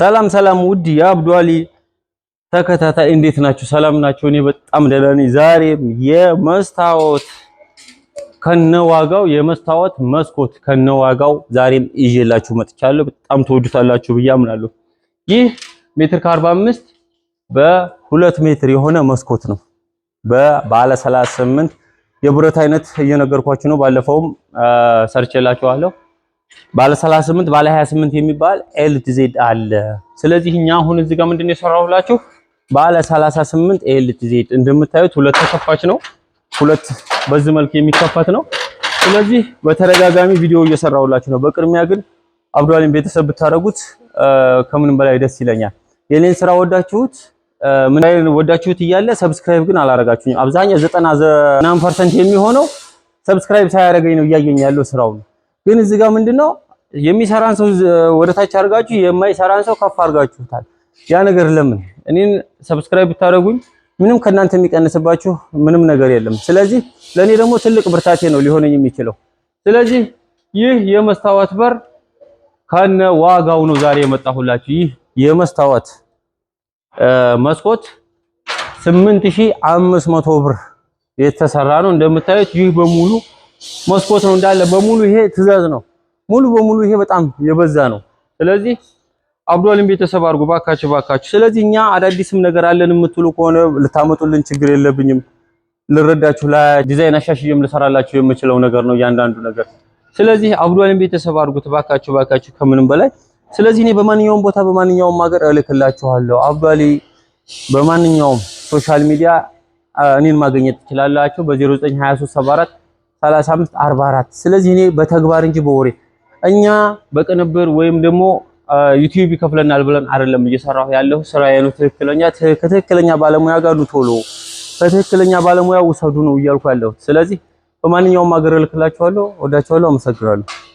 ሰላም ሰላም ውድ የአብዱ አሊ ተከታታይ እንዴት ናችሁ? ሰላም ናችሁ? እኔ በጣም ደህና ነኝ። ዛሬም የመስታወት ከነዋጋው የመስታወት መስኮት ከነዋጋው ዛሬም ይዤላችሁ መጥቻለሁ። በጣም ትወዱታላችሁ ብዬ አምናለሁ። ይህ ሜትር ከ45 በ2 ሜትር የሆነ መስኮት ነው። በባለ 38 የብረት አይነት እየነገርኳችሁ ነው። ባለፈውም ሰርቼላችኋለሁ። ባለ 38 ባለ 28 የሚባል ኤልቲዜድ አለ። ስለዚህ እኛ አሁን እዚህ ጋር ምንድነው የሰራሁላችሁ ባለ 38 ኤልቲዜድ እንደምታዩት ሁለት ተከፋች ነው። ሁለት በዚህ መልክ የሚከፈት ነው። ስለዚህ በተደጋጋሚ ቪዲዮ እየሰራሁላችሁ ነው። በቅድሚያ ግን አብዱአሊም ቤተሰብ ብታደርጉት ከምንም በላይ ደስ ይለኛል። የኔን ስራ ወዳችሁት ምን ወዳችሁት እያለ ሰብስክራይብ ግን አላረጋችሁኝም። አብዛኛው 99% የሚሆነው ሰብስክራይብ ሳያደርገኝ ነው እያየኝ ያለው ስራውን ግን እዚህ ጋር ምንድነው የሚሰራን ሰው ወደታች አድርጋችሁ የማይሰራን ሰው ከፍ አድርጋችሁታል። ያ ነገር ለምን እኔን ሰብስክራይብ ብታደርጉኝ ምንም ከእናንተ የሚቀንስባችሁ ምንም ነገር የለም። ስለዚህ ለእኔ ደግሞ ትልቅ ብርታቴ ነው ሊሆነኝ የሚችለው። ስለዚህ ይህ የመስታወት በር ከነ ዋጋው ነው ዛሬ የመጣሁላችሁ። ይህ የመስታወት መስኮት 8500 ብር የተሰራ ነው እንደምታዩት። ይህ በሙሉ መስኮት ነው እንዳለ በሙሉ ይሄ ትዕዛዝ ነው። ሙሉ በሙሉ ይሄ በጣም የበዛ ነው። ስለዚህ አብዶልን ቤተሰብ አድርጉ ባካችሁ፣ ባካችሁ። ስለዚህ እኛ አዳዲስም ነገር አለን የምትሉ ከሆነ ልታመጡልን ችግር የለብኝም። ልረዳችሁ፣ ለዲዛይን አሻሽዬም ልሰራላችሁ የምችለው ነገር ነው እያንዳንዱ ነገር። ስለዚህ አብዱልን ቤተሰብ አድርጉት ባካችሁ፣ ባካችሁ ከምንም በላይ ስለዚህ እኔ በማንኛውም ቦታ በማንኛውም ሀገር እልክላችኋለሁ። አብዶሊ በማንኛውም ሶሻል ሚዲያ እኔን ማግኘት ትችላላችሁ በ092374 35 44 ስለዚህ እኔ በተግባር እንጂ በወሬ እኛ በቅንብር ወይም ደግሞ ዩቲዩብ ይከፍለናል ብለን አይደለም እየሰራሁ ያለሁ ስራ ያለው ትክክለኛ ከትክክለኛ ባለሙያ ጋር ነው ቶሎ ከትክክለኛ ባለሙያ ውሰዱ ነው እያልኩ ያለሁት። ስለዚህ በማንኛውም ሀገር እልክላችኋለሁ። ወዳችኋለሁ። አመሰግናለሁ።